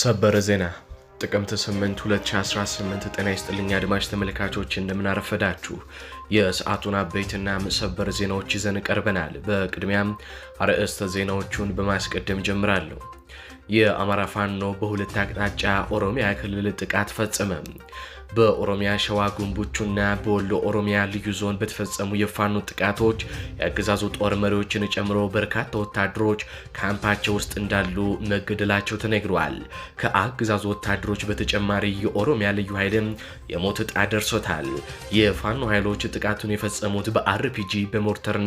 ሰበር ዜና ጥቅምት 8 2018። ጤና ይስጥልኝ አድማጭ ተመልካቾች እንደምናረፈዳችሁ የሰዓቱን አበይትና ሰበር ዜናዎች ይዘን ቀርበናል። በቅድሚያም አርዕስተ ዜናዎቹን በማስቀደም ጀምራለሁ። የአማራ ፋኖ በሁለት አቅጣጫ ኦሮሚያ ክልል ጥቃት ፈጸመ። በኦሮሚያ ሸዋ ጉንቡቹና በወሎ ኦሮሚያ ልዩ ዞን በተፈጸሙ የፋኖ ጥቃቶች የአገዛዙ ጦር መሪዎችን ጨምሮ በርካታ ወታደሮች ካምፓቸው ውስጥ እንዳሉ መገደላቸው ተነግረዋል። ከአገዛዙ ወታደሮች በተጨማሪ የኦሮሚያ ልዩ ኃይልም የሞት ዕጣ ደርሶታል። የፋኖ ኃይሎች ጥቃቱን የፈጸሙት በአርፒጂ በሞርተርና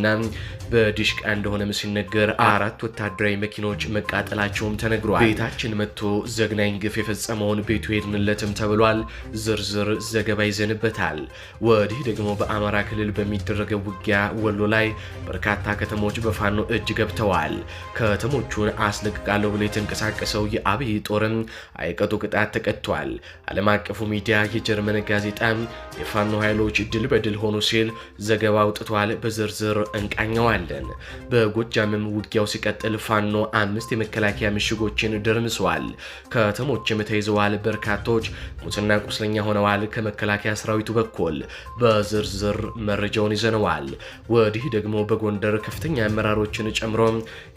በዲሽቃ እንደሆነም ሲነገር አራት ወታደራዊ መኪኖች መቃጠላቸውም ተነግረዋል። ቤታችን መጥቶ ዘግናኝ ግፍ የፈጸመውን ቤቱ ሄድንለትም ተብሏል ዝርዝር ዝርዝር ዘገባ ይዘንበታል። ወዲህ ደግሞ በአማራ ክልል በሚደረገው ውጊያ ወሎ ላይ በርካታ ከተሞች በፋኖ እጅ ገብተዋል። ከተሞቹን አስለቅቃለሁ ብሎ የተንቀሳቀሰው የአብይ ጦርም አይቀጡ ቅጣት ተቀጥቷል። ዓለም አቀፉ ሚዲያ የጀርመን ጋዜጣም የፋኖ ኃይሎች ድል በድል ሆኑ ሲል ዘገባ አውጥቷል። በዝርዝር እንቃኘዋለን። በጎጃምም ውጊያው ሲቀጥል ፋኖ አምስት የመከላከያ ምሽጎችን ደርምሰዋል። ከተሞችም ተይዘዋል። በርካቶች ሙትና ቁስለኛ ሆነው ፈጽመዋል ከመከላከያ ሰራዊቱ በኩል በዝርዝር መረጃውን ይዘነዋል። ወዲህ ደግሞ በጎንደር ከፍተኛ አመራሮችን ጨምሮ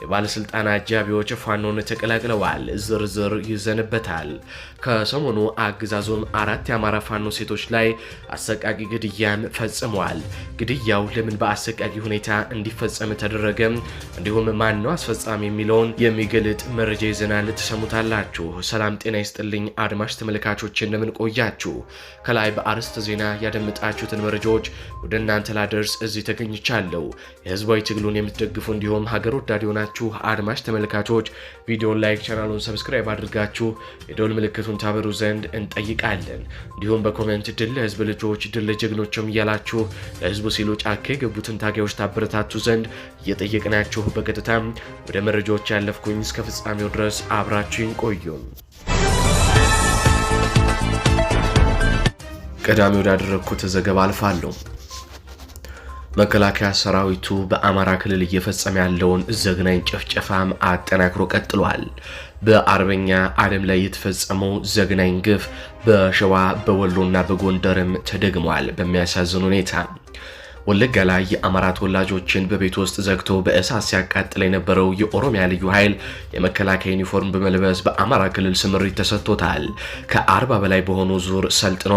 የባለስልጣን አጃቢዎች ፋኖን ተቀላቅለዋል። ዝርዝር ይዘንበታል። ከሰሞኑ አገዛዙም አራት የአማራ ፋኖ ሴቶች ላይ አሰቃቂ ግድያን ፈጽመዋል። ግድያው ለምን በአሰቃቂ ሁኔታ እንዲፈጸም ተደረገ፣ እንዲሁም ማነው አስፈጻሚ የሚለውን የሚገልጥ መረጃ ይዘናል። ትሰሙታላችሁ። ሰላም ጤና ይስጥልኝ አድማሽ ተመልካቾች እንደምን ቆያችሁ? ከላይ በአርዕስተ ዜና ያደመጣችሁትን መረጃዎች ወደ እናንተ ላደርስ እዚህ ተገኝቻለሁ። የህዝባዊ ትግሉን የምትደግፉ እንዲሁም ሀገር ወዳድ የሆናችሁ አድማጭ ተመልካቾች ቪዲዮን ላይክ፣ ቻናሉን ሰብስክራይብ አድርጋችሁ የደወል ምልክቱን ታበሩ ዘንድ እንጠይቃለን። እንዲሁም በኮሜንት ድል ለህዝብ ልጆች ድል ለጀግኖችም እያላችሁ ለህዝቡ ሲሉ ጫካ የገቡትን ታጋዮች ታበረታቱ ዘንድ እየጠየቅናችሁ በቀጥታም ወደ መረጃዎች ያለፍኩኝ እስከ ፍጻሜው ድረስ አብራችሁን ቆዩም። ቀዳሚ ወዳደረግኩት ዘገባ አልፋለሁ። መከላከያ ሰራዊቱ በአማራ ክልል እየፈጸመ ያለውን ዘግናኝ ጭፍጨፋም አጠናክሮ ቀጥሏል። በአርበኛ ዓለም ላይ የተፈጸመው ዘግናኝ ግፍ በሸዋ በወሎና በጎንደርም ተደግሟል በሚያሳዝን ሁኔታ ወለጋ ላይ የአማራ ተወላጆችን በቤት ውስጥ ዘግቶ በእሳት ሲያቃጥል የነበረው የኦሮሚያ ልዩ ኃይል የመከላከያ ዩኒፎርም በመልበስ በአማራ ክልል ስምሪት ተሰጥቶታል። ከአርባ በላይ በሆኑ ዙር ሰልጥኖ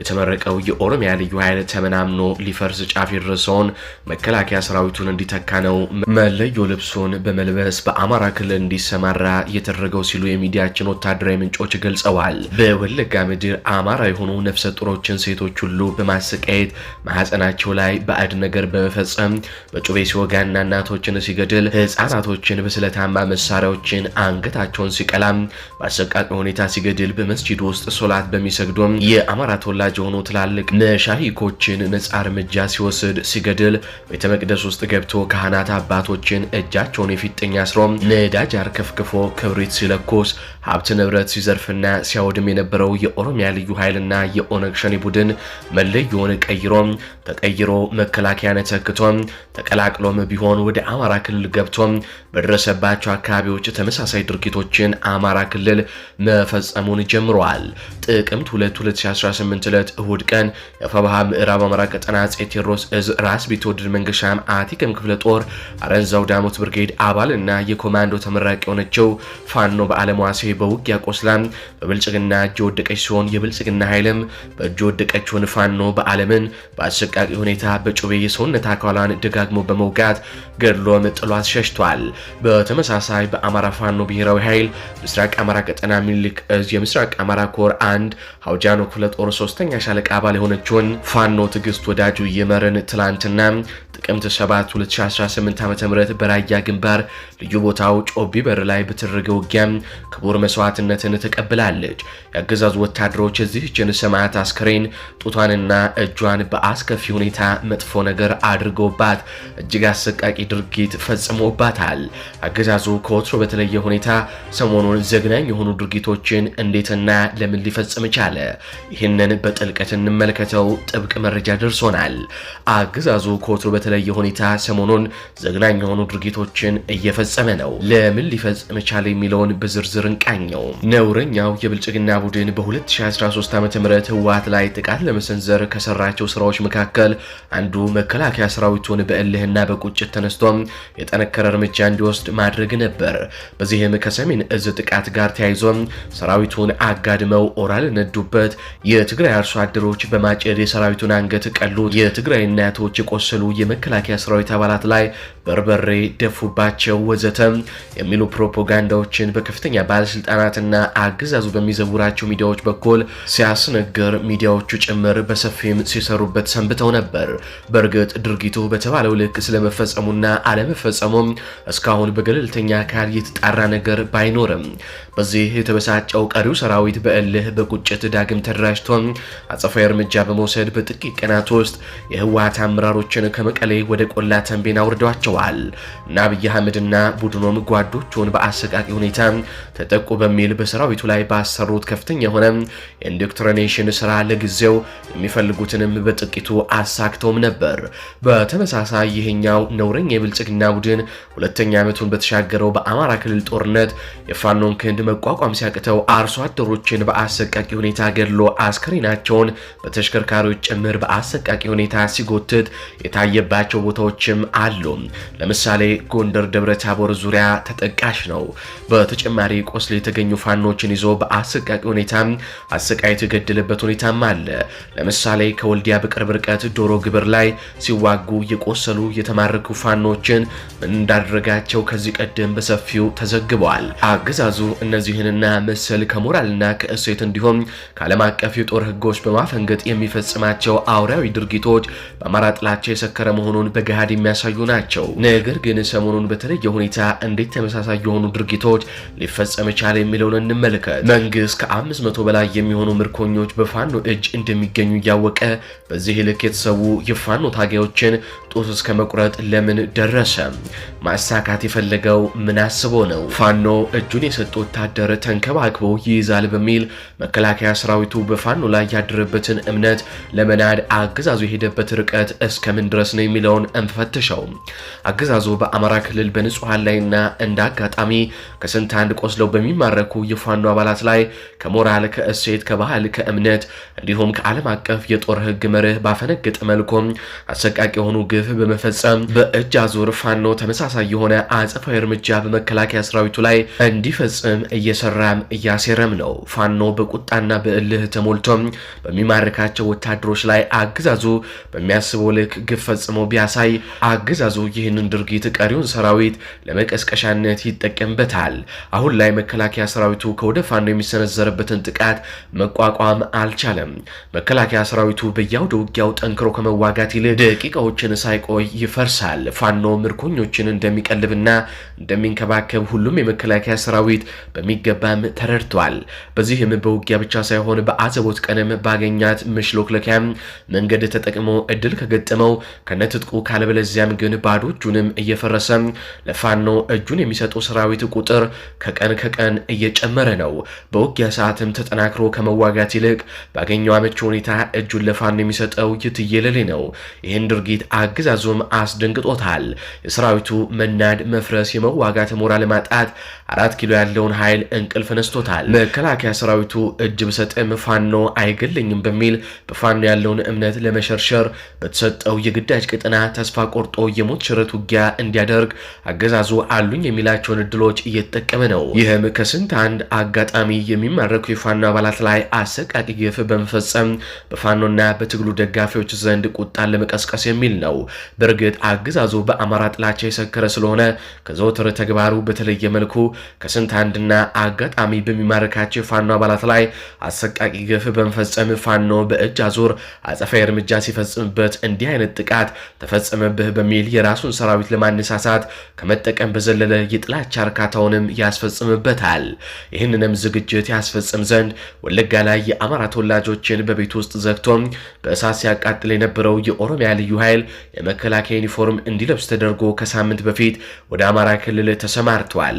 የተመረቀው የኦሮሚያ ልዩ ኃይል ተመናምኖ ሊፈርስ ጫፍ የደረሰውን መከላከያ ሰራዊቱን እንዲተካ ነው መለዮ ልብሱን በመልበስ በአማራ ክልል እንዲሰማራ የተደረገው ሲሉ የሚዲያችን ወታደራዊ ምንጮች ገልጸዋል። በወለጋ ምድር አማራ የሆኑ ነፍሰ ጡሮችን ሴቶች ሁሉ በማሰቃየት ማህፀናቸው ላይ ባዕድ ነገር በመፈጸም በጩቤ ሲወጋና እናቶችን ሲገድል ህፃናቶችን በስለታማ መሳሪያዎችን አንገታቸውን ሲቀላም በአሰቃቂ ሁኔታ ሲገድል በመስጂድ ውስጥ ሶላት በሚሰግዶም የአማራ ተወላጅ የሆኑ ትላልቅ መሻሂኮችን ነጻ እርምጃ ሲወስድ ሲገድል ቤተ መቅደስ ውስጥ ገብቶ ካህናት አባቶችን እጃቸውን የፊጥኝ አስሮ ነዳጅ አርከፍክፎ ክብሪት ሲለኮስ። ሀብት ንብረት ሲዘርፍና ሲያወድም የነበረው የኦሮሚያ ልዩ ኃይልና የኦነግ ሸኔ ቡድን መለዮውን ቀይሮ ተቀይሮ መከላከያ ተክቶ ተቀላቅሎም ቢሆን ወደ አማራ ክልል ገብቶ በደረሰባቸው አካባቢዎች ተመሳሳይ ድርጊቶችን አማራ ክልል መፈጸሙን ጀምረዋል። ጥቅምት 2 2018 ዕለት እሁድ ቀን የፈባሃ ምዕራብ አማራ ቀጠና አጼ ቴዎድሮስ እዝ ራስ ቢትወደድ መንገሻም አቲቅም ክፍለ ጦር አረንዛው ዳሞት ብርጌድ አባል የኮማንዶ ተመራቂ የሆነችው ፋኖ በአለሟሴ በውጊያ ቆስላ በብልጽግና እጅ ወደቀች ሲሆን የብልጽግና ኃይልም በእጅ የወደቀችውን ፋኖ በዓለምን በአሰቃቂ ሁኔታ በጩቤ የሰውነት አካሏን ደጋግሞ በመውጋት ገድሎም ጥሏት ሸሽቷል። በተመሳሳይ በአማራ ፋኖ ብሔራዊ ኃይል ምስራቅ አማራ ቀጠና ሚኒልክ እዝ የምስራቅ አማራ ኮር አንድ ሀውጃኖ ክፍለ ጦር ሶስተኛ ሻለቃ አባል የሆነችውን ፋኖ ትዕግስት ወዳጁ የመርን ትላንትና ጥቅምት 7 2018 ዓ ም በራያ ግንባር ልዩ ቦታው ጮቢ በር ላይ በተደረገ ውጊያ ክቡር መስዋዕትነትን ተቀብላለች። የአገዛዙ ወታደሮች እዚህችን ሰማዕት አስክሬን ጡቷንና እጇን በአስከፊ ሁኔታ መጥፎ ነገር አድርገውባት እጅግ አሰቃቂ ድርጊት ፈጽሞባታል። አገዛዙ ከወትሮ በተለየ ሁኔታ ሰሞኑን ዘግናኝ የሆኑ ድርጊቶችን እንዴትና ለምን ሊፈጽም ቻለ? ይህንን በጥልቀት እንመልከተው። ጥብቅ መረጃ ደርሶናል። አገዛዙ ከወትሮ በተለየ ሁኔታ ሰሞኑን ዘግናኝ የሆኑ ድርጊቶችን እየፈጸመ ነው። ለምን ሊፈጽም ቻለ የሚለውን በዝርዝር እንቃ ዳኘው ነውረኛው የብልጽግና ቡድን በ2013 ዓ ም ህወሀት ላይ ጥቃት ለመሰንዘር ከሰራቸው ስራዎች መካከል አንዱ መከላከያ ሰራዊቱን በእልህና በቁጭት ተነስቶም የጠነከረ እርምጃ እንዲወስድ ማድረግ ነበር። በዚህም ከሰሜን እዝ ጥቃት ጋር ተያይዞ ሰራዊቱን አጋድመው ኦራል ነዱበት፣ የትግራይ አርሶ አደሮች በማጨድ የሰራዊቱን አንገት ቀሉት፣ የትግራይ እናቶች የቆሰሉ የመከላከያ ሰራዊት አባላት ላይ በርበሬ ደፉባቸው፣ ወዘተ የሚሉ ፕሮፓጋንዳዎችን በከፍተኛ ባለስ ባለስልጣናትና አገዛዙ በሚዘውራቸው ሚዲያዎች በኩል ሲያስነገር ሚዲያዎቹ ጭምር በሰፊም ሲሰሩበት ሰንብተው ነበር። በእርግጥ ድርጊቱ በተባለው ልክ ስለመፈጸሙና አለመፈጸሙም እስካሁን በገለልተኛ አካል የተጣራ ነገር ባይኖርም በዚህ የተበሳጨው ቀሪው ሰራዊት በእልህ በቁጭት ዳግም ተደራጅቶ አጸፋዊ እርምጃ በመውሰድ በጥቂት ቀናት ውስጥ የህወሀት አመራሮችን ከመቀሌ ወደ ቆላ ተንቤን አውርደዋቸዋል እና አብይ አህመድና ቡድኖም ጓዶቹን በአሰቃቂ ሁኔታ ተጠቁ እንዲለቁ በሚል በሰራዊቱ ላይ ባሰሩት ከፍተኛ የሆነ የኢንዶክትሪኔሽን ስራ ለጊዜው የሚፈልጉትንም በጥቂቱ አሳክተውም ነበር። በተመሳሳይ ይህኛው ነውረኛ የብልጽግና ቡድን ሁለተኛ ዓመቱን በተሻገረው በአማራ ክልል ጦርነት የፋኖን ክንድ መቋቋም ሲያቅተው አርሶ አደሮችን በአሰቃቂ ሁኔታ ገድሎ አስከሬናቸውን በተሽከርካሪዎች ጭምር በአሰቃቂ ሁኔታ ሲጎትት የታየባቸው ቦታዎችም አሉ። ለምሳሌ ጎንደር ደብረ ታቦር ዙሪያ ተጠቃሽ ነው። በተጨማሪ ቆስሌ የተገኙ ፋኖችን ይዞ በአሰቃቂ ሁኔታ አሰቃይቶ የገደለበት ሁኔታም አለ። ለምሳሌ ከወልዲያ በቅርብ ርቀት ዶሮ ግብር ላይ ሲዋጉ የቆሰሉ የተማረኩ ፋኖችን ምን እንዳደረጋቸው ከዚህ ቀደም በሰፊው ተዘግበዋል። አገዛዙ እነዚህንና መሰል ከሞራልና ከእሴት እንዲሁም ከዓለም አቀፍ የጦር ህጎች በማፈንገጥ የሚፈጽማቸው አውራዊ ድርጊቶች በአማራ ጥላቸው የሰከረ መሆኑን በገሃድ የሚያሳዩ ናቸው። ነገር ግን ሰሞኑን በተለየ ሁኔታ እንዴት ተመሳሳይ የሆኑ ድርጊቶች ሊፈጸም ይሻል የሚለውን እንመልከት። መንግስት ከ መቶ በላይ የሚሆኑ ምርኮኞች በፋኖ እጅ እንደሚገኙ እያወቀ በዚህ ልክ የተሰዉ የፋኖ ታጋዮችን ጡት እስከ መቁረጥ ለምን ደረሰ? ማሳካት የፈለገው ምን አስቦ ነው? ፋኖ እጁን የሰጠ ወታደር ተንከባክቦ ይይዛል በሚል መከላከያ ሰራዊቱ በፋኖ ላይ ያደረበትን እምነት ለመናድ አገዛዙ የሄደበት ርቀት እስከምን ድረስ ነው የሚለውን እንፈትሸው። አገዛዙ በአማራ ክልል በንጹሐን ላይና እንደ አጋጣሚ ከስንት አንድ ቆስለው በሚ በሚማረኩ የፋኖ አባላት ላይ ከሞራል፣ ከእሴት፣ ከባህል፣ ከእምነት እንዲሁም ከዓለም አቀፍ የጦር ህግ መርህ ባፈነገጠ መልኩ አሰቃቂ የሆኑ ግፍ በመፈጸም በእጅ አዙር ፋኖ ተመሳሳይ የሆነ አጸፋዊ እርምጃ በመከላከያ ሰራዊቱ ላይ እንዲፈጽም እየሰራም እያሴረም ነው። ፋኖ በቁጣና በእልህ ተሞልቶም በሚማርካቸው ወታደሮች ላይ አገዛዙ በሚያስበው ልክ ግፍ ፈጽሞ ቢያሳይ አገዛዙ ይህንን ድርጊት ቀሪውን ሰራዊት ለመቀስቀሻነት ይጠቀምበታል። አሁን ላይ መከላ መከላከያ ሰራዊቱ ከወደ ፋኖ የሚሰነዘርበትን ጥቃት መቋቋም አልቻለም። መከላከያ ሰራዊቱ በያውደ ውጊያው ጠንክሮ ከመዋጋት ይልቅ ደቂቃዎችን ሳይቆይ ይፈርሳል። ፋኖ ምርኮኞችን እንደሚቀልብና እንደሚንከባከብ ሁሉም የመከላከያ ሰራዊት በሚገባም ተረድቷል። በዚህም በውጊያ ብቻ ሳይሆን በአዘቦት ቀንም ባገኛት መሽሎክለኪያም መንገድ ተጠቅሞ እድል ከገጠመው ከነትጥቁ ካለበለዚያም ግን ባዶ እጁንም እየፈረሰ ለፋኖ እጁን የሚሰጡ ሰራዊት ቁጥር ከቀን ከቀን መጠን እየጨመረ ነው። በውጊያ ሰዓትም ተጠናክሮ ከመዋጋት ይልቅ ባገኘው አመቺ ሁኔታ እጁን ለፋኖ የሚሰጠው የትየለሌ ነው። ይህን ድርጊት አገዛዙም አስደንግጦታል። የሰራዊቱ መናድ፣ መፍረስ፣ የመዋጋት ሞራል ማጣት አራት ኪሎ ያለውን ኃይል እንቅልፍ ነስቶታል። መከላከያ ሰራዊቱ እጅ ብሰጥም ፋኖ አይገለኝም በሚል በፋኖ ያለውን እምነት ለመሸርሸር በተሰጠው የግዳጅ ቅጥና ተስፋ ቆርጦ የሞት ሽረት ውጊያ እንዲያደርግ አገዛዙ አሉኝ የሚላቸውን እድሎች እየተጠቀመ ነው። ይህም በስንት አንድ አጋጣሚ የሚማረኩ የፋኖ አባላት ላይ አሰቃቂ ግፍ በመፈጸም በፋኖና በትግሉ ደጋፊዎች ዘንድ ቁጣን ለመቀስቀስ የሚል ነው። በእርግጥ አገዛዙ በአማራ ጥላቻ የሰከረ ስለሆነ ከዘወትር ተግባሩ በተለየ መልኩ ከስንት አንድና አጋጣሚ በሚማረካቸው የፋኖ አባላት ላይ አሰቃቂ ግፍ በመፈጸም ፋኖ በእጅ አዙር አጸፋዊ እርምጃ ሲፈጽምበት እንዲህ አይነት ጥቃት ተፈጸመብህ በሚል የራሱን ሰራዊት ለማነሳሳት ከመጠቀም በዘለለ የጥላቻ እርካታውንም ያስፈጽምበታል። ይመለከታል። ይህንንም ዝግጅት ያስፈጽም ዘንድ ወለጋ ላይ የአማራ ተወላጆችን በቤት ውስጥ ዘግቶ በእሳት ሲያቃጥል የነበረው የኦሮሚያ ልዩ ኃይል የመከላከያ ዩኒፎርም እንዲለብስ ተደርጎ ከሳምንት በፊት ወደ አማራ ክልል ተሰማርቷል።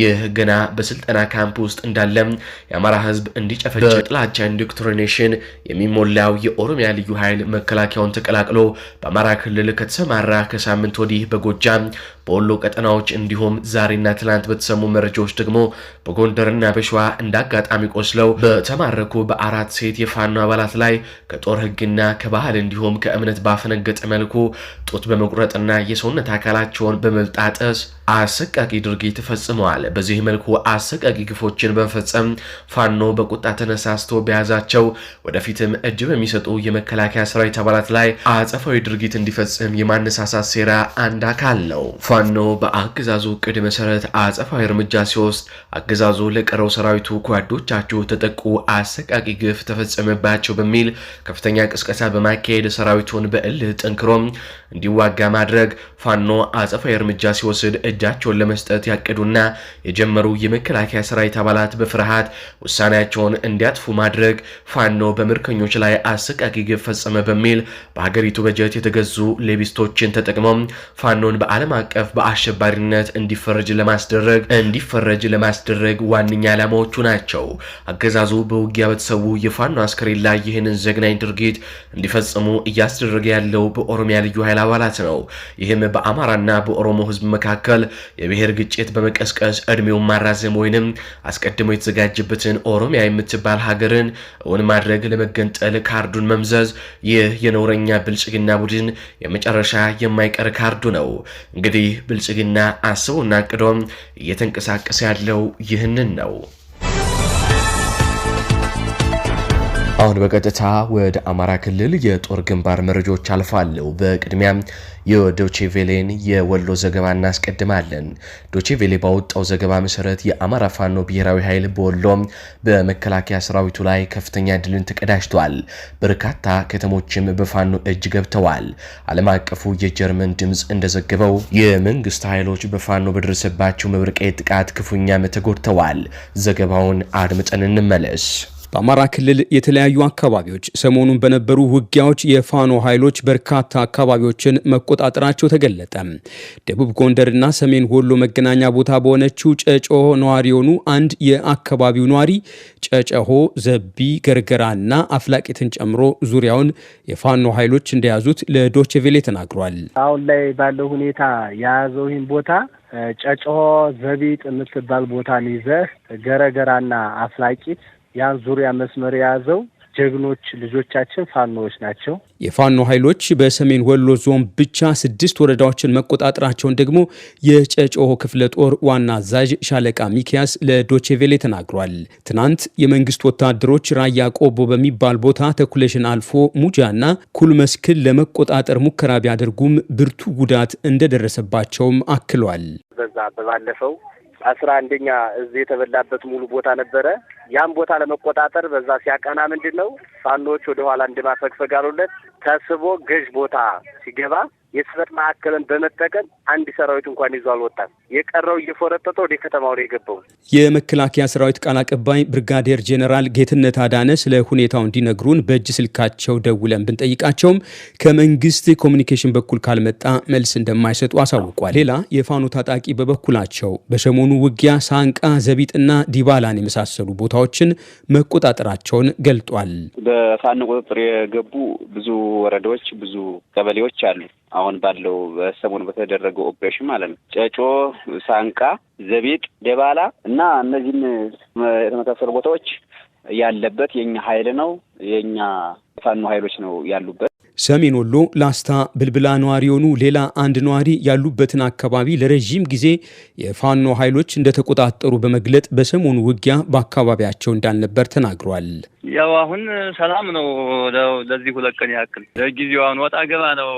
ይህ ገና በስልጠና ካምፕ ውስጥ እንዳለም የአማራ ህዝብ እንዲጨፈጭ በጥላቻ ኢንዶክትሪኔሽን የሚሞላው የኦሮሚያ ልዩ ኃይል መከላከያውን ተቀላቅሎ በአማራ ክልል ከተሰማራ ከሳምንት ወዲህ በጎጃም በወሎ ቀጠናዎች እንዲሁም ዛሬና ትላንት በተሰሙ መረጃዎች ደግሞ በጎንደርና በሸዋ እንደ አጋጣሚ ቆስለው በተማረኩ በአራት ሴት የፋኖ አባላት ላይ ከጦር ሕግና ከባህል እንዲሁም ከእምነት ባፈነገጠ መልኩ ጡት በመቁረጥና የሰውነት አካላቸውን በመልጣጠስ አሰቃቂ ድርጊት ፈጽመዋል። በዚህ መልኩ አሰቃቂ ግፎችን በመፈጸም ፋኖ በቁጣ ተነሳስቶ በያዛቸው ወደፊትም እጅ በሚሰጡ የመከላከያ ሰራዊት አባላት ላይ አጸፋዊ ድርጊት እንዲፈጽም የማነሳሳት ሴራ አንድ አካል ነው። ፋኖ በአገዛዙ እቅድ መሰረት አጸፋዊ እርምጃ ሲወስድ፣ አገዛዙ ለቀረው ሰራዊቱ ጓዶቻችሁ ተጠቁ፣ አሰቃቂ ግፍ ተፈጸመባቸው በሚል ከፍተኛ ቅስቀሳ በማካሄድ ሰራዊቱን በእልህ ጠንክሮም እንዲዋጋ ማድረግ ፋኖ አጸፋዊ እርምጃ ሲወስድ እጃቸውን ለመስጠት ያቀዱና የጀመሩ የመከላከያ ሰራዊት አባላት በፍርሃት ውሳኔያቸውን እንዲያጥፉ ማድረግ ፋኖ በምርኮኞች ላይ አሰቃቂ ግብ ፈጸመ በሚል በሀገሪቱ በጀት የተገዙ ሌቢስቶችን ተጠቅመው ፋኖን በዓለም አቀፍ በአሸባሪነት እንዲፈረጅ ለማስደረግ እንዲፈረጅ ለማስደረግ ዋነኛ ዓላማዎቹ ናቸው። አገዛዙ በውጊያ በተሰዉ የፋኖ አስከሬን ላይ ይህንን ዘግናኝ ድርጊት እንዲፈጽሙ እያስደረገ ያለው በኦሮሚያ ልዩ ኃይል አባላት ነው። ይህም በአማራና በኦሮሞ ህዝብ መካከል የብሔር ግጭት በመቀስቀስ እድሜውን ማራዘም ወይንም አስቀድሞ የተዘጋጀበትን ኦሮሚያ የምትባል ሀገርን እውን ማድረግ ለመገንጠል ካርዱን መምዘዝ ይህ የነውረኛ ብልጽግና ቡድን የመጨረሻ የማይቀር ካርዱ ነው። እንግዲህ ብልጽግና አስቦና አቅዶም እየተንቀሳቀሰ ያለው ይህንን ነው። አሁን በቀጥታ ወደ አማራ ክልል የጦር ግንባር መረጃዎች አልፋለሁ። በቅድሚያ የዶቼቬሌን የወሎ ዘገባ እናስቀድማለን። ዶቼቬሌ ባወጣው ዘገባ መሰረት የአማራ ፋኖ ብሔራዊ ኃይል በወሎ በመከላከያ ሰራዊቱ ላይ ከፍተኛ ድልን ተቀዳጅቷል። በርካታ ከተሞችም በፋኖ እጅ ገብተዋል። ዓለም አቀፉ የጀርመን ድምፅ እንደዘገበው የመንግስት ኃይሎች በፋኖ በደረሰባቸው መብረቃዊ ጥቃት ክፉኛ ተጎድተዋል። ዘገባውን አድምጠን እንመለስ። በአማራ ክልል የተለያዩ አካባቢዎች ሰሞኑን በነበሩ ውጊያዎች የፋኖ ኃይሎች በርካታ አካባቢዎችን መቆጣጠራቸው ተገለጠ። ደቡብ ጎንደርና ሰሜን ወሎ መገናኛ ቦታ በሆነችው ጨጮሆ ነዋሪ የሆኑ አንድ የአካባቢው ነዋሪ ጨጨሆ፣ ዘቢ፣ ገርገራና አፍላቂትን ጨምሮ ዙሪያውን የፋኖ ኃይሎች እንደያዙት ለዶችቬሌ ተናግሯል። አሁን ላይ ባለው ሁኔታ የያዘው ይህን ቦታ ጨጮሆ ዘቢጥ የምትባል ቦታን ይዘህ ገረገራና አፍላቂት ያን ዙሪያ መስመር የያዘው ጀግኖች ልጆቻችን ፋኖዎች ናቸው። የፋኖ ኃይሎች በሰሜን ወሎ ዞን ብቻ ስድስት ወረዳዎችን መቆጣጠራቸውን ደግሞ የጨጮሆ ክፍለ ጦር ዋና አዛዥ ሻለቃ ሚኪያስ ለዶቼቬሌ ተናግሯል። ትናንት የመንግስት ወታደሮች ራያ ቆቦ በሚባል ቦታ ተኩለሽን አልፎ ሙጃና ኩልመስክን ለመቆጣጠር ሙከራ ቢያደርጉም ብርቱ ጉዳት እንደደረሰባቸውም አክሏል። በዛ በባለፈው አስራ አንደኛ እዝ የተበላበት ሙሉ ቦታ ነበረ። ያን ቦታ ለመቆጣጠር በዛ ሲያቀና ምንድን ነው ፋኖች ወደኋላ እንድማፈግፈግ አሉለት ተስቦ ገዥ ቦታ ሲገባ የጽህፈት ማዕከልን በመጠቀም አንድ ሰራዊት እንኳን ይዞ አልወጣም። የቀረው እየፎረጠጠ ወደ ከተማ ወደ የገባው። የመከላከያ ሰራዊት ቃል አቀባይ ብርጋዴር ጄኔራል ጌትነት አዳነ ስለ ሁኔታው እንዲነግሩን በእጅ ስልካቸው ደውለን ብንጠይቃቸውም ከመንግስት ኮሚኒኬሽን በኩል ካልመጣ መልስ እንደማይሰጡ አሳውቋል። ሌላ የፋኖ ታጣቂ በበኩላቸው በሰሞኑ ውጊያ ሳንቃ፣ ዘቢጥና ዲባላን የመሳሰሉ ቦታዎችን መቆጣጠራቸውን ገልጧል። በፋኖ ቁጥጥር የገቡ ብዙ ወረዳዎች፣ ብዙ ቀበሌዎች አሉ አሁን ባለው በሰሞኑ በተደረገው ኦፕሬሽን ማለት ነው። ጨጮ፣ ሳንቃ፣ ዘቢጥ፣ ደባላ እና እነዚህን የተመሳሰሉ ቦታዎች ያለበት የኛ ኃይል ነው የኛ ፋኖ ኃይሎች ነው ያሉበት። ሰሜን ወሎ ላስታ ብልብላ ነዋሪ የሆኑ ሌላ አንድ ነዋሪ ያሉበትን አካባቢ ለረዥም ጊዜ የፋኖ ኃይሎች እንደተቆጣጠሩ በመግለጥ በሰሞኑ ውጊያ በአካባቢያቸው እንዳልነበር ተናግሯል። ያው አሁን ሰላም ነው። ለዚህ ሁለት ቀን ያክል ለጊዜው አሁን ወጣ ገባ ነው።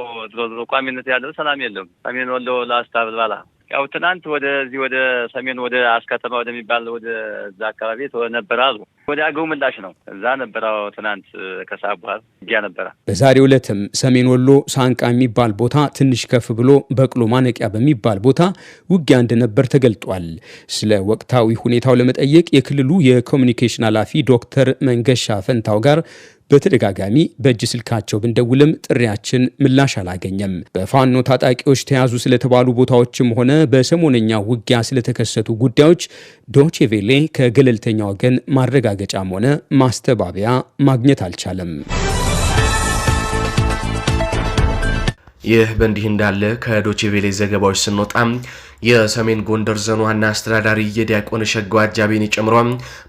ቋሚነት ያለው ሰላም የለም። ሰሜን ወሎ ላስታ ብልባላ ያው ትናንት ወደዚህ ወደ ሰሜን ወደ አስከተማ ወደሚባል ወደዛ አካባቢ ነበረ አሉ። ወደ አገው ምላሽ ነው። እዛ ነበረው ትናንት ከሰዓት በኋላ እጊያ ነበረ። በዛሬ ዕለትም ሰሜን ወሎ ሳንቃ የሚባል ቦታ ትንሽ ከፍ ብሎ በቅሎ ማነቂያ በሚባል ቦታ ውጊያ እንደነበር ተገልጧል። ስለ ወቅታዊ ሁኔታው ለመጠየቅ የክልሉ የኮሚኒኬሽን ኃላፊ ዶክተር መንገሻ ፈንታው ጋር በተደጋጋሚ በእጅ ስልካቸው ብንደውልም ጥሪያችን ምላሽ አላገኘም። በፋኖ ታጣቂዎች ተያዙ ስለተባሉ ቦታዎችም ሆነ በሰሞነኛ ውጊያ ስለተከሰቱ ጉዳዮች ዶቼቬሌ ከገለልተኛ ወገን ማረጋገጫም ሆነ ማስተባበያ ማግኘት አልቻለም። ይህ በእንዲህ እንዳለ ከዶቼቬሌ ዘገባዎች ስንወጣ የሰሜን ጎንደር ዞን ዋና አስተዳዳሪ የዲያቆን ሸጎ አጃቢን ጨምሮ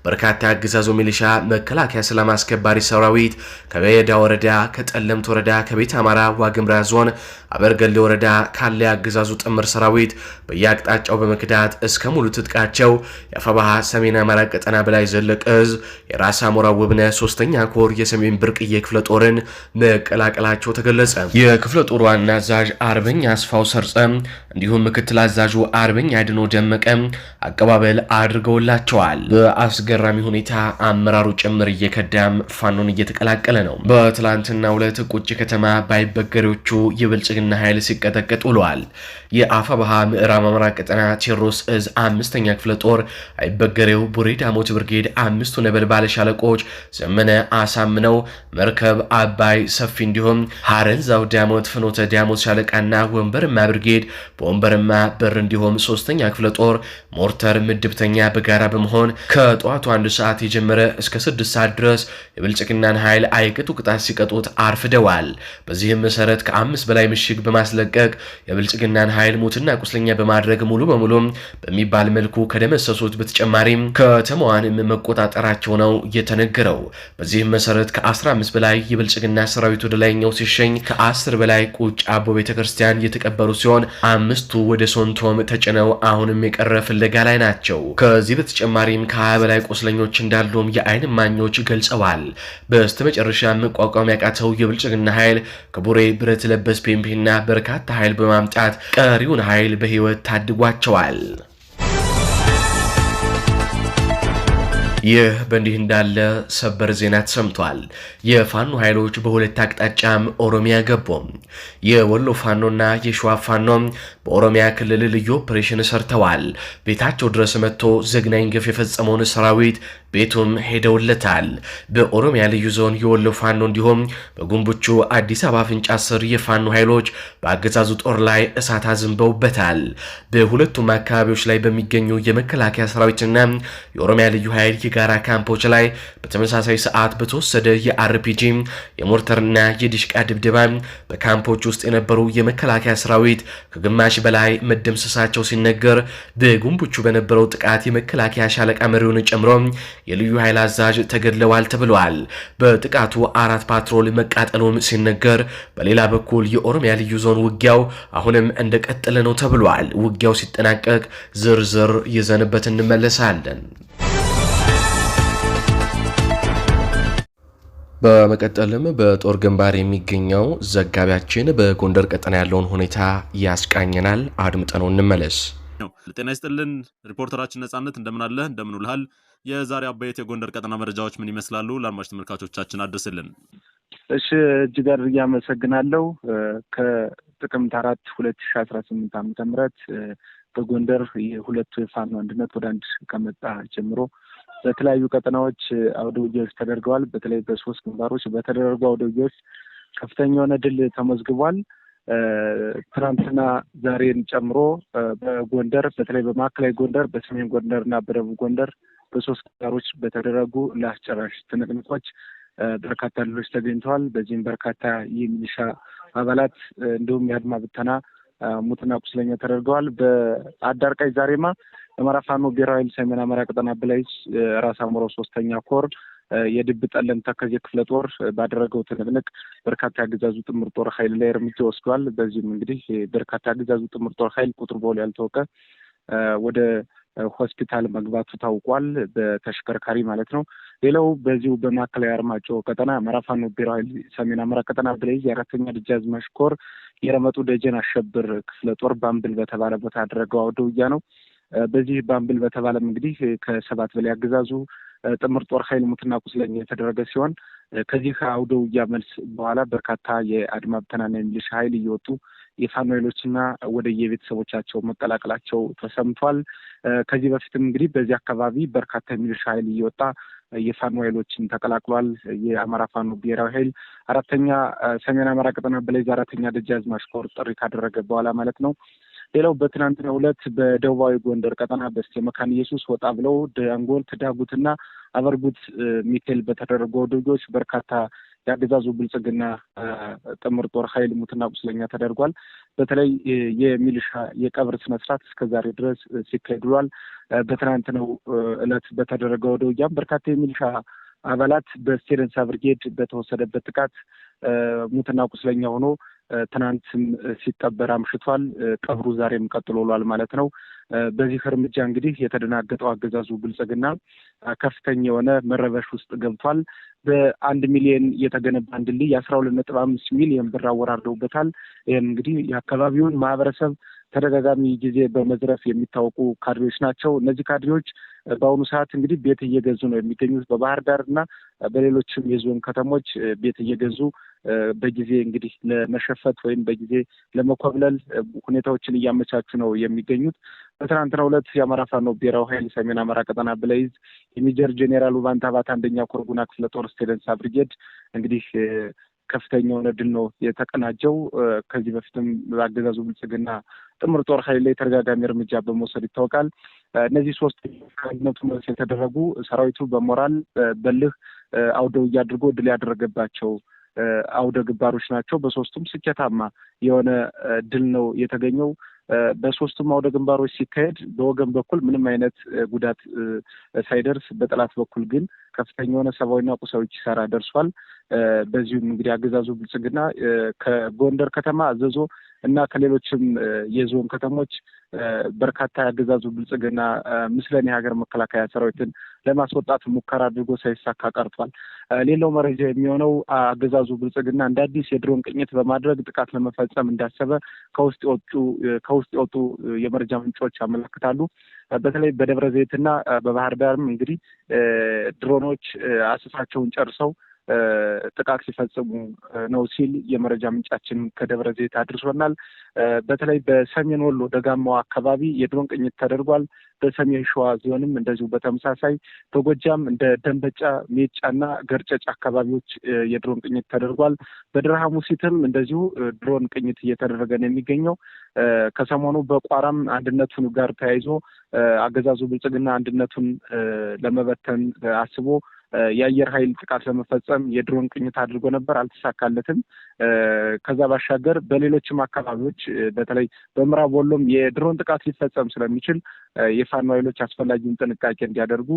በርካታ የአገዛዙ ሚሊሻ መከላከያ ሰላም አስከባሪ ሰራዊት ከበየዳ ወረዳ፣ ከጠለምት ወረዳ፣ ከቤት አማራ ዋግምራ ዞን አበርገሌ ወረዳ ካለ የአገዛዙ ጥምር ሰራዊት በየአቅጣጫው በመክዳት እስከ ሙሉ ትጥቃቸው የአፈባሃ ሰሜን አማራ ቀጠና በላይ ዘለቀ እዝ የራስ አሞራ ውብነ ሶስተኛ ኮር የሰሜን ብርቅዬ ክፍለ ጦርን መቀላቀላቸው ተገለጸ። የክፍለ ጦር ዋና አዛዥ አርበኛ አስፋው ሰርጸ እንዲሁም ምክትል አዛዡ አርበኛ አድኖ ደመቀ አቀባበል አድርገውላቸዋል። በአስገራሚ ሁኔታ አመራሩ ጭምር እየከዳም ፋኖን እየተቀላቀለ ነው። በትላንትና ሁለት ቁጭ ከተማ ባይበገሬዎቹ የብልጽግ ብልጽግና ኃይል ሲቀጠቀጥ ውለዋል። የአፋባሃ ምዕራብ አማራ ቀጠና ቴዎድሮስ እዝ አምስተኛ ክፍለ ጦር አይበገሬው ቡሬ ዳሞት ብርጌድ አምስቱ ነበልባለ ሻለቆች ዘመነ አሳምነው፣ መርከብ አባይ ሰፊ እንዲሁም ሀረን ዛው ዳሞት ፍኖተ ዳሞት ሻለቃና ወንበርማ ብርጌድ በወንበርማ በር እንዲሁም ሶስተኛ ክፍለ ጦር ሞርተር ምድብተኛ በጋራ በመሆን ከጠዋቱ አንድ ሰዓት የጀመረ እስከ ስድስት ሰዓት ድረስ የብልጽግናን ኃይል አይቅጡ ቅጣት ሲቀጡት አርፍደዋል። በዚህም መሰረት ከአምስት በላይ ምሽ ምሽግ በማስለቀቅ የብልጽግናን ኃይል ሞትና ቁስለኛ በማድረግ ሙሉ በሙሉ በሚባል መልኩ ከደመሰሱት በተጨማሪም ከተማዋንም መቆጣጠራቸው ነው የተነገረው። በዚህም መሰረት ከ15 በላይ የብልጽግና ሰራዊት ወደ ላይኛው ሲሸኝ ከ10 በላይ ቁጭ አቦ ቤተ ክርስቲያን የተቀበሩ ሲሆን አምስቱ ወደ ሶንቶም ተጭነው አሁንም የቀረ ፍለጋ ላይ ናቸው። ከዚህ በተጨማሪም ከ20 በላይ ቁስለኞች እንዳሉም የአይን ማኞች ገልጸዋል። በስተመጨረሻ መቋቋም ያቃተው የብልጽግና ኃይል ከቡሬ ብረት ለበስ ፔምፔን ኃይልና በርካታ ኃይል በማምጣት ቀሪውን ኃይል በህይወት ታድጓቸዋል። ይህ በእንዲህ እንዳለ ሰበር ዜና ተሰምቷል። የፋኖ ኃይሎች በሁለት አቅጣጫም ኦሮሚያ ገቡ። የወሎ ፋኖና የሸዋ ፋኖ በኦሮሚያ ክልል ልዩ ኦፕሬሽን ሰርተዋል። ቤታቸው ድረስ መጥቶ ዘግናኝ ግፍ የፈጸመውን ሰራዊት ቤቱም ሄደውለታል። በኦሮሚያ ልዩ ዞን የወሎ ፋኖ እንዲሁም በጉንብቹ አዲስ አበባ ፍንጫ ስር የፋኖ ኃይሎች በአገዛዙ ጦር ላይ እሳት አዝንበውበታል። በሁለቱም አካባቢዎች ላይ በሚገኙ የመከላከያ ሰራዊትና የኦሮሚያ ልዩ ኃይል የጋራ ካምፖች ላይ በተመሳሳይ ሰዓት በተወሰደ የአርፒጂ የሞርተርና የዲሽቃ ድብደባ በካምፖች ውስጥ የነበሩ የመከላከያ ሰራዊት ከግማሽ በላይ መደምሰሳቸው ሲነገር በጉንብቹ በነበረው ጥቃት የመከላከያ ሻለቃ መሪውን ጨምሮ የልዩ ኃይል አዛዥ ተገድለዋል ተብለዋል። በጥቃቱ አራት ፓትሮል መቃጠሉን ሲነገር፣ በሌላ በኩል የኦሮሚያ ልዩ ዞን ውጊያው አሁንም እንደቀጠለ ነው ተብሏል። ውጊያው ሲጠናቀቅ ዝርዝር ይዘንበት እንመለሳለን። በመቀጠልም በጦር ግንባር የሚገኘው ዘጋቢያችን በጎንደር ቀጠና ያለውን ሁኔታ ያስቃኘናል። አድምጠነው እንመለስ። ጤና ይስጥልን ሪፖርተራችን ነጻነት እንደምናለህ እንደምንውልሃል የዛሬ አበይት የጎንደር ቀጠና መረጃዎች ምን ይመስላሉ? ለአድማጭ ተመልካቾቻችን አድርስልን። እሺ እጅግ አድርጌ አመሰግናለሁ። ከጥቅምት አራት ሁለት ሺ አስራ ስምንት ዓመተ ምህረት በጎንደር የሁለቱ የፋኖ አንድነት ወደ አንድ ከመጣ ጀምሮ በተለያዩ ቀጠናዎች አውደ ውጊያዎች ተደርገዋል። በተለይ በሶስት ግንባሮች በተደረጉ አውደ ውጊያዎች ከፍተኛ የሆነ ድል ተመዝግቧል። ትናንትና ዛሬን ጨምሮ በጎንደር በተለይ በማዕከላዊ ጎንደር፣ በሰሜን ጎንደር እና በደቡብ ጎንደር በሶስት ቀጠሮች በተደረጉ ለአስጨራሽ ትንቅንቆች በርካታ ልጆች ተገኝተዋል። በዚህም በርካታ የሚሊሻ አባላት እንዲሁም የአድማ ብተና ሙትና ቁስለኛ ተደርገዋል። በአዳርቃይ ዛሬማ የአማራ ፋኖ ብሔራዊ ኃይል ሰሜን አማራ ቀጠና በላይች ራስ አምሮ ሶስተኛ ኮር የድብ ጠለም ተከዜ ክፍለ ጦር ባደረገው ትንቅንቅ በርካታ ያገዛዙ ጥምር ጦር ኃይል ላይ እርምጃ ወስደዋል። በዚህም እንግዲህ በርካታ ያገዛዙ ጥምር ጦር ኃይል ቁጥር በውል ያልታወቀ ወደ ሆስፒታል መግባቱ ታውቋል። በተሽከርካሪ ማለት ነው። ሌላው በዚሁ በማዕከላዊ አርማጭሆ ቀጠና መራፋኑ ብሔራዊ ሰሜን አማራ ቀጠና ብለይዝ የአራተኛ ድጃዝ መሽኮር የረመጡ ደጀን አሸብር ክፍለ ጦር ባምብል በተባለ ቦታ ያደረገው አውደ ውጊያ ነው። በዚህ ባምብል በተባለም እንግዲህ ከሰባት በላይ አገዛዙ ጥምር ጦር ኃይል ሙትና ቁስለኛ የተደረገ ሲሆን ከዚህ አውደ ውጊያ መልስ በኋላ በርካታ የአድማ ብተናና የሚሊሻ ኃይል እየወጡ የፋኖ ኃይሎችና ወደ የቤተሰቦቻቸው መቀላቀላቸው ተሰምቷል። ከዚህ በፊትም እንግዲህ በዚህ አካባቢ በርካታ የሚሊሻ ኃይል እየወጣ የፋኖ ኃይሎችን ተቀላቅሏል። የአማራ ፋኖ ብሔራዊ ኃይል አራተኛ ሰሜን አማራ ቀጠና በላይ አራተኛ ደጃዝማች ኮር ጥሪ ካደረገ በኋላ ማለት ነው። ሌላው በትናንትናው ዕለት በደቡባዊ ጎንደር ቀጠና በስተ መካነ ኢየሱስ ወጣ ብለው ደንጎል፣ ትዳጉትና አበርጉት ሚካኤል በተደረጉ ውጊያዎች በርካታ የአገዛዙ ብልጽግና ጥምር ጦር ኃይል ሙትና ቁስለኛ ተደርጓል። በተለይ የሚሊሻ የቀብር ስነስርዓት እስከዛሬ ድረስ ሲካሄድ ውሏል። በትናንትናው ዕለት ወደ ውጊያም በርካታ የሚልሻ አባላት በስቴደንሳ ብርጌድ በተወሰደበት ጥቃት ሙትና ቁስለኛ ሆኖ ትናንትም ሲቀበር አምሽቷል። ቀብሩ ዛሬም ቀጥሎ ውሏል ማለት ነው። በዚህ እርምጃ እንግዲህ የተደናገጠው አገዛዙ ብልጽግና ከፍተኛ የሆነ መረበሽ ውስጥ ገብቷል። በአንድ ሚሊዮን የተገነባን ድልድይ የአስራ ሁለት ነጥብ አምስት ሚሊዮን ብር አወራርደውበታል። ይህም እንግዲህ የአካባቢውን ማህበረሰብ ተደጋጋሚ ጊዜ በመዝረፍ የሚታወቁ ካድሬዎች ናቸው። እነዚህ ካድሬዎች በአሁኑ ሰዓት እንግዲህ ቤት እየገዙ ነው የሚገኙት። በባህር ዳር እና በሌሎችም የዞን ከተሞች ቤት እየገዙ በጊዜ እንግዲህ ለመሸፈት ወይም በጊዜ ለመኮብለል ሁኔታዎችን እያመቻቹ ነው የሚገኙት። በትናንትና ሁለት የአማራ ፋኖ ብሔራዊ ኃይል ሰሜን አማራ ቀጠና ብለይዝ የሜጀር ጄኔራል ውባንታ አንደኛ ኮርጉና ክፍለ ጦር ስቴደንሳ ብርጌድ እንግዲህ ከፍተኛውን ድል ነው የተቀናጀው። ከዚህ በፊትም በአገዛዙ ብልጽግና ጥምር ጦር ኃይል ላይ ተደጋጋሚ እርምጃ በመውሰድ ይታወቃል። እነዚህ ሶስት ነት መልስ የተደረጉ ሰራዊቱ በሞራል በልህ አውደውያ አድርጎ ድል ያደረገባቸው አውደ ግንባሮች ናቸው። በሶስቱም ስኬታማ የሆነ ድል ነው የተገኘው። በሶስቱም አውደ ግንባሮች ሲካሄድ በወገን በኩል ምንም አይነት ጉዳት ሳይደርስ በጠላት በኩል ግን ከፍተኛ የሆነ ሰብአዊና ቁሳዊ ኪሳራ ደርሷል። በዚሁም እንግዲህ አገዛዙ ብልጽግና ከጎንደር ከተማ አዘዞ እና ከሌሎችም የዞን ከተሞች በርካታ ያገዛዙ ብልጽግና ምስለን የሀገር መከላከያ ሰራዊትን ለማስወጣት ሙከራ አድርጎ ሳይሳካ ቀርቷል። ሌላው መረጃ የሚሆነው አገዛዙ ብልጽግና እንደ አዲስ የድሮን ቅኝት በማድረግ ጥቃት ለመፈጸም እንዳሰበ ከውስጥ የወጡ ከውስጥ የወጡ የመረጃ ምንጮች ያመለክታሉ። በተለይ በደብረ ዘይትና በባህር ዳርም እንግዲህ ድሮኖች አስሳቸውን ጨርሰው ጥቃት ሲፈጽሙ ነው ሲል የመረጃ ምንጫችን ከደብረ ዘይት አድርሶናል። በተለይ በሰሜን ወሎ ደጋማው አካባቢ የድሮን ቅኝት ተደርጓል። በሰሜን ሸዋ ዞንም እንደዚሁ በተመሳሳይ በጎጃም እንደ ደንበጫ፣ ሜጫና ገርጨጭ አካባቢዎች የድሮን ቅኝት ተደርጓል። ሲትም እንደዚሁ ድሮን ቅኝት እየተደረገ ነው የሚገኘው። ከሰሞኑ በቋራም አንድነቱን ጋር ተያይዞ አገዛዙ ብልጽግና አንድነቱን ለመበተን አስቦ የአየር ኃይል ጥቃት ለመፈጸም የድሮን ቅኝት አድርጎ ነበር፣ አልተሳካለትም። ከዛ ባሻገር በሌሎችም አካባቢዎች በተለይ በምዕራብ ወሎም የድሮን ጥቃት ሊፈጸም ስለሚችል የፋኖ ኃይሎች አስፈላጊውን ጥንቃቄ እንዲያደርጉ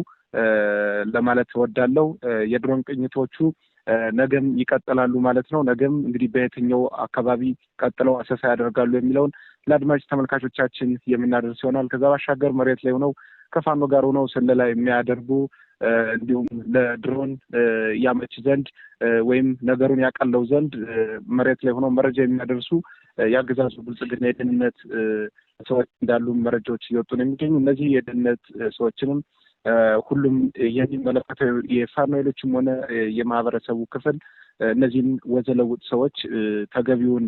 ለማለት እወዳለሁ። የድሮን ቅኝቶቹ ነገም ይቀጥላሉ ማለት ነው። ነገም እንግዲህ በየትኛው አካባቢ ቀጥለው አሰሳ ያደርጋሉ የሚለውን ለአድማጭ ተመልካቾቻችን የምናደርስ ይሆናል። ከዛ ባሻገር መሬት ላይ ሆነው ከፋኖ ጋር ሆነው ስለላ የሚያደርጉ እንዲሁም ለድሮን ያመች ዘንድ ወይም ነገሩን ያቀለው ዘንድ መሬት ላይ ሆኖ መረጃ የሚያደርሱ የአገዛዙ ብልጽግና የደህንነት ሰዎች እንዳሉ መረጃዎች እየወጡ ነው የሚገኙ። እነዚህ የደህንነት ሰዎችንም ሁሉም የሚመለከተው የፋኖ ኃይሎችም ሆነ የማህበረሰቡ ክፍል እነዚህን ወዘለውጥ ሰዎች ተገቢውን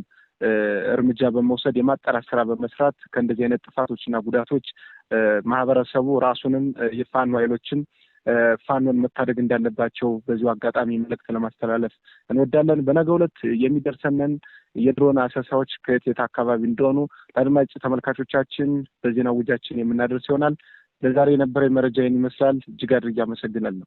እርምጃ በመውሰድ የማጣራት ስራ በመስራት ከእንደዚህ አይነት ጥፋቶችና ጉዳቶች ማህበረሰቡ ራሱንም የፋኖ ኃይሎችን ፋኖን መታደግ እንዳለባቸው በዚሁ አጋጣሚ መልእክት ለማስተላለፍ እንወዳለን። በነገ ሁለት የሚደርሰንን የድሮን አሰሳዎች ከየት የት አካባቢ እንደሆኑ ለአድማጭ ተመልካቾቻችን በዜና ውጃችን የምናደርስ ይሆናል። ለዛሬ የነበረ መረጃ ይህን ይመስላል። እጅግ አድርጌ አመሰግናለሁ።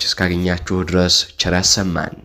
መረጃዎች እስካገኛችሁ ድረስ ቸር ያሰማን።